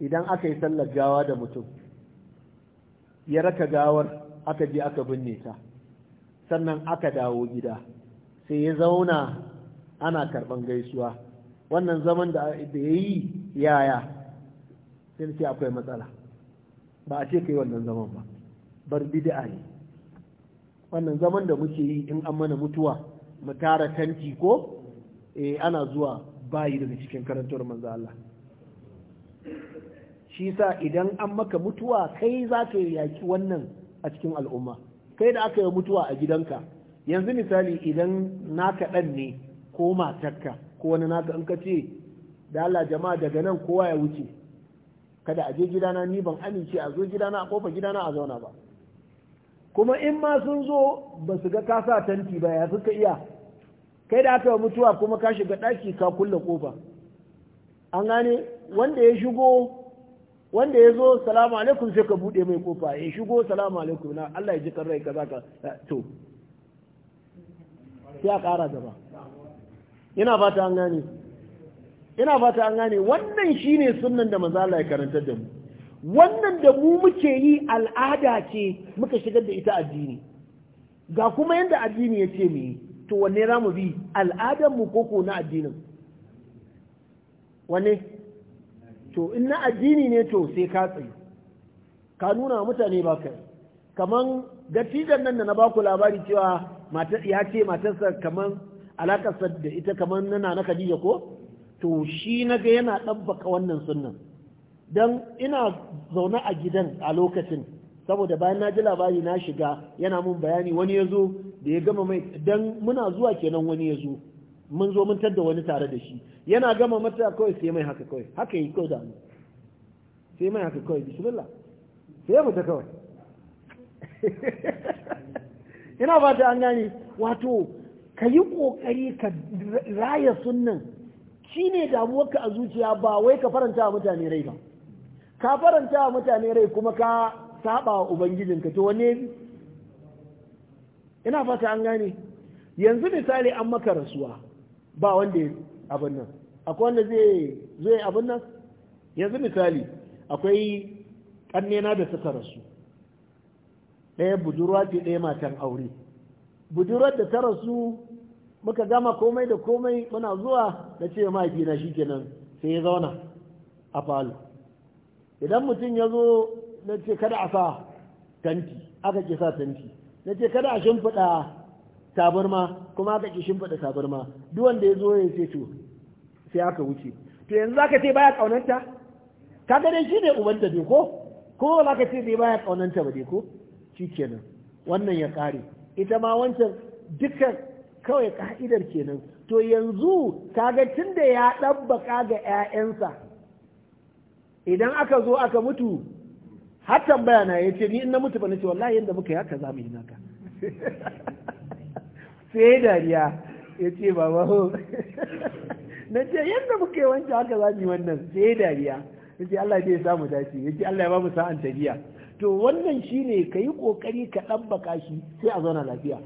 idan aka yi sallar gawa da mutum ya raka gawar aka je aka binne ta sannan aka dawo gida sai ya zauna ana karban gaisuwa wannan zaman da ya yi yaya sai ce akwai matsala ba a ce ka yi wannan zaman ba bar a yi wannan zaman da muke yi in an mana mutuwa mu tara tanti ko eh ana zuwa bayi daga cikin karantar manzo Allah shi sa idan an maka mutuwa kai za ka yaki wannan a cikin al'umma kai da aka yi mutuwa a gidanka yanzu misali idan naka kaɗan ne ko matarka ko wani naka in ka ce da Allah jama'a daga nan kowa ya wuce kada a je gidana ni ban amince a zo gidana a kofa gidana a zauna ba kuma in ma sun zo ba su ga kasa tanti ba ya suka iya kai da aka mutuwa kuma ka shiga ɗaki ka kulle ƙofa an gane wanda ya shigo wanda ya zo salamu alaikum sai ka buɗe mai ƙofa ya shigo salamu alaikum na Allah ya ji kan rai kaza ka eh, to sai a ƙara gaba ina fata an gane ina fata an gane wannan shine sunnan da manzo Allah ya karantar da mu wannan da mu muke yi al'ada ce muka shigar da ita addini ga kuma yanda addini ya ce mu yi to wanne za mu bi al'adarmu ko ko na addinin wanne to in na addini ne to sai ka tsaye ka nuna mutane ba kai kaman gatijan nan da na baku labari cewa ya ce matarsa kaman alakarsa da ita kaman nana na Khadija ko to shi na ga yana ɗabbaka wannan sunnan don ina zaune a gidan a lokacin saboda bayan na ji labari na shiga yana mun bayani wani ya zo da ya gama mai dan muna zuwa kenan wani ya zo mun zo mun tadda wani tare da shi yana gama mata kawai sai mai haka kawai haka yi kawai da ni sai mai haka kawai bismillah sai ya fita kawai *laughs* ina ba ta an gane wato ka yi ƙoƙari ka raya sunnan shi ne damuwarka a zuciya ba wai ka faranta wa mutane rai ba ka faranta wa mutane rai kuma ka saba wa ubangijinka to wane ina fata an gane yanzu misali an maka rasuwa ba wanda abin nan akwai wanda zai zo abin nan yanzu misali akwai ƙannena da suka rasu ɗaya budurwa ce ɗaya matan aure budurwar da ta rasu muka gama komai da komai muna zuwa na ce mahaifina shi kenan sai ya zauna a falo idan mutum ya zo na ce kada a sa tanti aka ke sa tanti na ce kada a shimfiɗa tabarma kuma aka ƙi shimfiɗa tabarma duk wanda ya zo ya ce to sai aka wuce to yanzu zaka ce baya kaunanta kaga dai ne ubanta dai ko za zaka ce baya ƙaunanta ba dai ko kenan wannan ya kare ita ma wancan dukkan kawai ka'idar kenan to yanzu tun da ya ɗabbaka ga 'ya'yansa idan aka zo aka mutu har tambaya na ce ni in na mutu ba ce wallahi yadda muka yi haka za mu yi naka *laughs* sai dariya ce ba ba *laughs* na ce yadda muka yi wancan haka za mu yi wannan sai dariya ya ce Allah ya samu dace ce Allah ya ba mu sa'an tariya to wannan shine ka yi kokari ka dan baka shi sai a zauna lafiya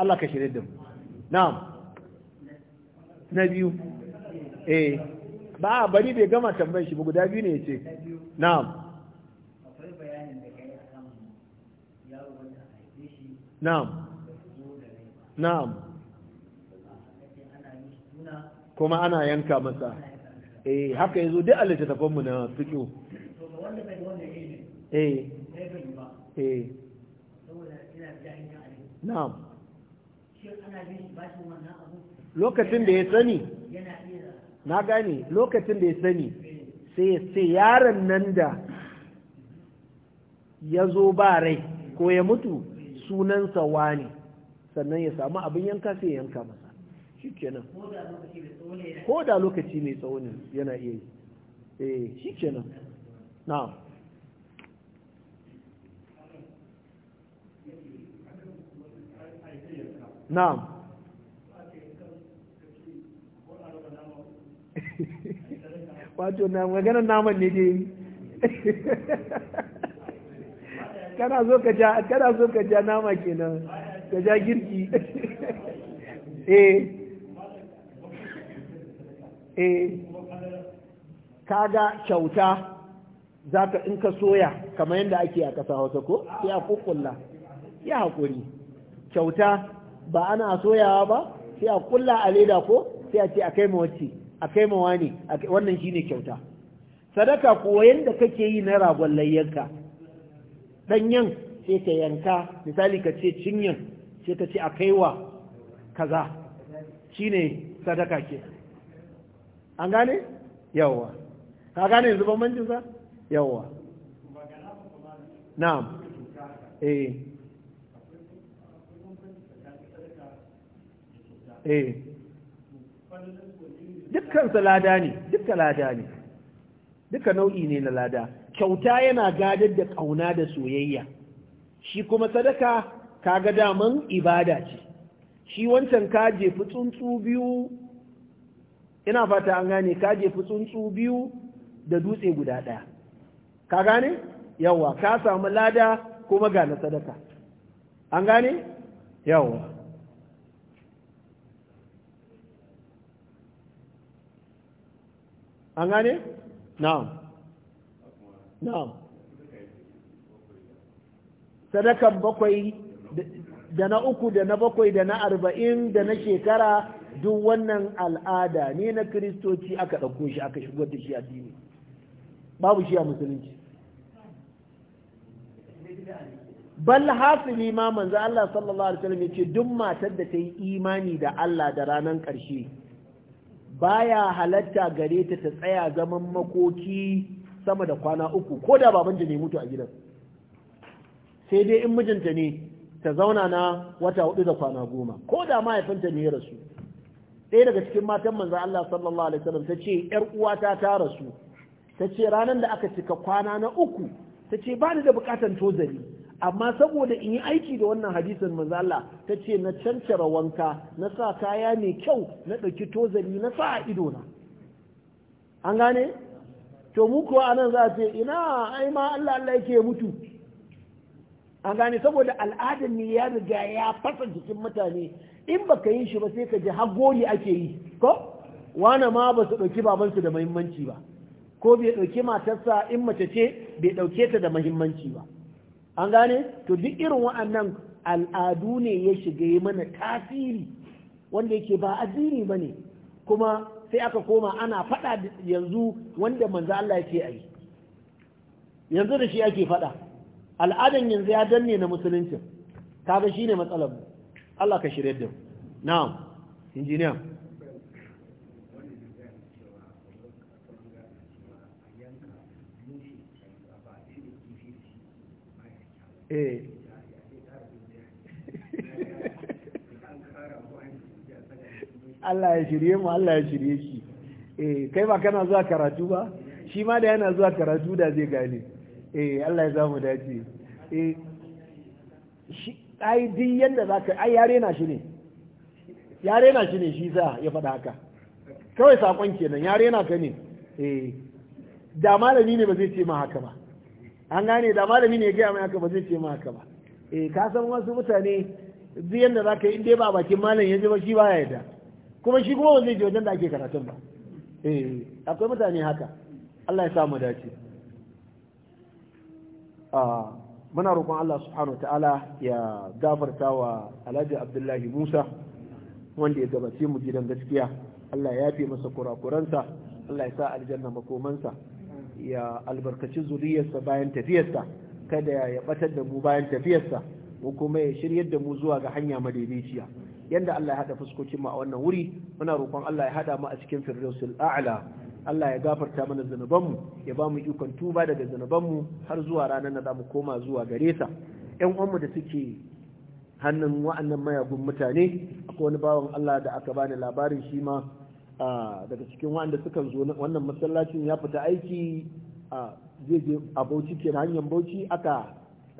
Allah ka shirye da mu na'am na biyu eh ba bari bai gama tambayar shi ba guda biyu ne ya ce na'am na'am na'am kuma ana yanka masa eh haka yanzu duk Allah ta tafan mu na fiqo eh eh na'am lokacin da ya sani na gane lokacin da ya sani sai sai yaron nan da ya zo ba rai ko ya mutu sunansa wani sannan ya samu abin yanka sai yanka masa shi kenan ko da lokaci mai tsawo yana iya yi eh shi kenan na na *laughs* wato na maganar naman ne dai *laughs* kana zo ka ja kana so ka ja nama kenan ka ja girki eh eh kaga kyauta zaka in ka soya kamar yadda ake a kasa hausa ko sai a kukkulla ya hakuri kyauta ba ana soyawa ba sai a kulla a leda ko sai a ce a kai wacce a kai ma wani wannan shine kyauta sadaka ko yanda kake yi na ragon layyanka ɗanyen sai ka yanka misali ka ce cinyan sai ka ce a kaiwa kaza ne sadaka ke an gane yawwa ka gane yanzu manjinsa? sa yawwa na'am eh eh dukkan lada ne dukkan lada ne duka nau'i ne na lada kyauta yana gadar da ƙauna da soyayya shi kuma sadaka kaga daman ibada ce shi wancan ka jefi tsuntsu biyu ina fata an gane ka je tsuntsu biyu da dutse guda ɗaya ka gane yawa ka samu lada kuma ga na sadaka an gane yawa an gane na'am na'am sadakan bakwai da na uku da na bakwai da na arba'in da na shekara duk wannan al'ada ne na kiristoci aka ɗauko shi aka shigo da shi addini babu shi a musulunci bal hasili ma manzo Allah sallallahu alaihi wasallam yace duk matar da ta yi imani da Allah da ranan ƙarshe baya halatta gare ta ta tsaya zaman makoki sama da kwana uku ko da babanta ne mutu a gidan sai dai in mijinta ne ta zauna na wata hudu da kwana goma ko da mahaifinta ne ya rasu ɗaya daga cikin matan manzan Allah sallallahu alaihi wasallam ta ce ƴar uwata ta rasu ta ce ranar da aka cika kwana na uku ta ce ba ni da bukatan tozali amma saboda in yi aiki da wannan hadisin mazala ta ce na cancara wanka na sa kaya mai kyau na ɗauki tozali na sa a idona an gane to mu kuwa nan za a ce ina ai ma Allah Allah yake mutu an gane saboda al'adar ne ya riga ya fasa jikin mutane in baka yi shi ba sai ka ji hagoli ake yi ko wane ma ba su ɗauki babansu da mahimmanci ba ko bai ɗauki matarsa in mace ce bai ɗauke ta da mahimmanci ba an gane to duk irin wa'annan al'adu ne ya shiga yi mana tasiri wanda yake ba addini ba ne kuma sai aka koma ana faɗa yanzu wanda manzo Allah yake ayi yanzu da shi ake faɗa al'adan yanzu ya danne na musulunci kaga shine matsalar mu Allah ka shirye da mu na'am injiniya eh Allah ya shirye mu Allah ya shirye shi eh kai ba kana zuwa karatu ba shi ma da yana zuwa karatu da zai gane eh Allah ya zamu mu dace eh ai din yanda zaka ai yare na shi ne yare na shi ne shi sa ya faɗa haka kawai sakon kenan yare na ka ne eh da malami ne ba zai ce ma haka ba an gane da malami ne ya gaya mai haka ba zai ce ma haka ba eh ka san wasu mutane duk yanda zaka yi in dai ba bakin malam ya ji ba shi ba ya yarda kuma shi kuma wanda je wajen da ake karatun ba eh akwai mutane haka Allah ya sa dace ah muna roƙon Allah subhanahu ta'ala ya gafarta wa Alhaji Abdullahi Musa wanda ya gabace mu gidan gaskiya Allah ya yafe masa kurakuransa Allah ya sa aljanna makomansa ya albarkaci zuriyarsa bayan tafiyarsa kada ya batar da mu bayan tafiyarsa mu kuma ya shiryar da mu zuwa ga hanya madaidaiciya yanda Allah ya hada fuskokin mu a wannan wuri muna roƙon Allah ya hada mu a cikin firdausul a'la Allah ya gafarta mana mu ya ba mu ikon tuba daga mu har zuwa ranar da za mu koma zuwa gare sa ƴan uwanmu da suke hannun wa'annan mayagun mutane akwai wani bawan Allah da aka bani labarin shi ma daga cikin wa'anda suka zo wannan masallacin ya fita aiki zai je a Bauchi ke hanyar Bauchi aka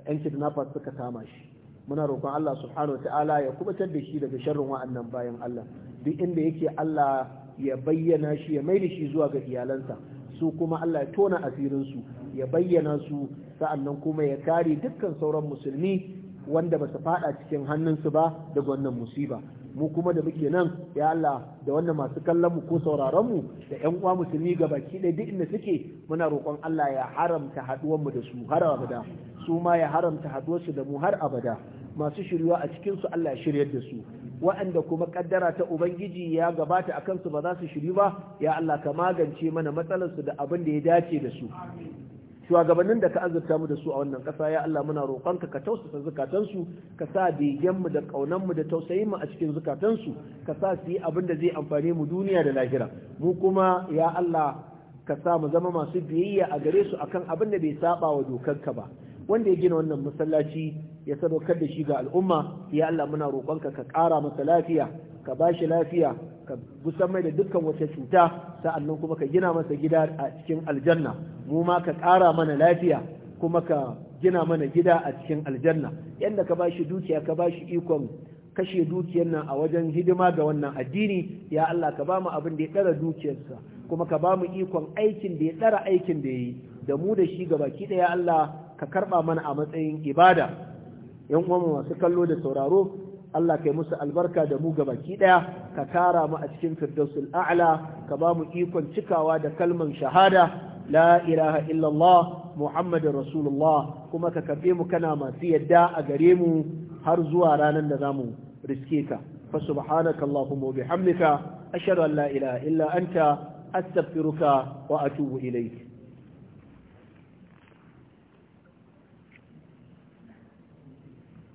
yan kidnappers suka kama shi muna roƙon Allah subhanahu wa ta'ala ya kubatar da shi daga sharrin wa'annan bayan Allah duk inda yake Allah ya bayyana shi ya mai da shi zuwa ga iyalansa su kuma Allah ya tona asirin su ya bayyana su sa'annan kuma ya kare dukkan sauran musulmi wanda ba su fada cikin hannunsu ba daga wannan musiba mu kuma da muke nan ya Allah da wannan masu kallon mu ko sauraron mu da ƴan uwa musulmi ga baki ɗaya duk inda suke muna roƙon Allah ya haramta haɗuwar mu da su har abada su ma ya haramta haduwarsu da mu har abada masu shiryuwa a cikinsu Allah ya shiryar da su waɗanda kuma kaddara ta ubangiji ya gabata a kansu ba za su shiryu ba ya Allah ka magance mana matsalarsu da abin da ya dace da su shugabannin da ka azurta mu da su a wannan ƙasa ya Allah muna roƙonka ka tausasa zukatansu ka sa begen mu da ƙaunan mu da tausayin mu a cikin zukatansu ka sa su yi abin da zai amfane mu duniya da lahira mu kuma ya Allah ka sa mu zama masu biyayya a gare su akan abin da bai saba wa dokarka ba wanda ya gina wannan masallaci ya sadaukar da shi ga al'umma ya Allah muna roƙonka ka ƙara masa lafiya ka ba shi lafiya ka gusan mai da dukkan wata cuta sa'annan kuma ka gina masa gida a cikin aljanna mu ma ka ƙara mana lafiya kuma ka gina mana gida a cikin aljanna yadda ka ba shi dukiya ka ba shi ikon kashe dukiyar nan a wajen hidima ga wannan addini ya Allah ka ba mu abin da ya ɗara dukiyarsa kuma ka ba mu ikon aikin da ya ɗara aikin da ya yi da mu da shi baki ɗaya Allah ka karɓa mana a matsayin ibada yan uwanmu masu kallo da sauraro Allah kai musu albarka da mu gabaki ɗaya ka tara mu a cikin firdausul a'la ka ba mu ikon cikawa da kalman shahada la ilaha illallah muhammadin rasulullah kuma ka karɓe mu kana masu yadda a gare mu har zuwa ranar da za mu riske ka fa subhanaka allahumma bihamdika ashhadu an la ilaha illa anta astaghfiruka wa atubu ilayk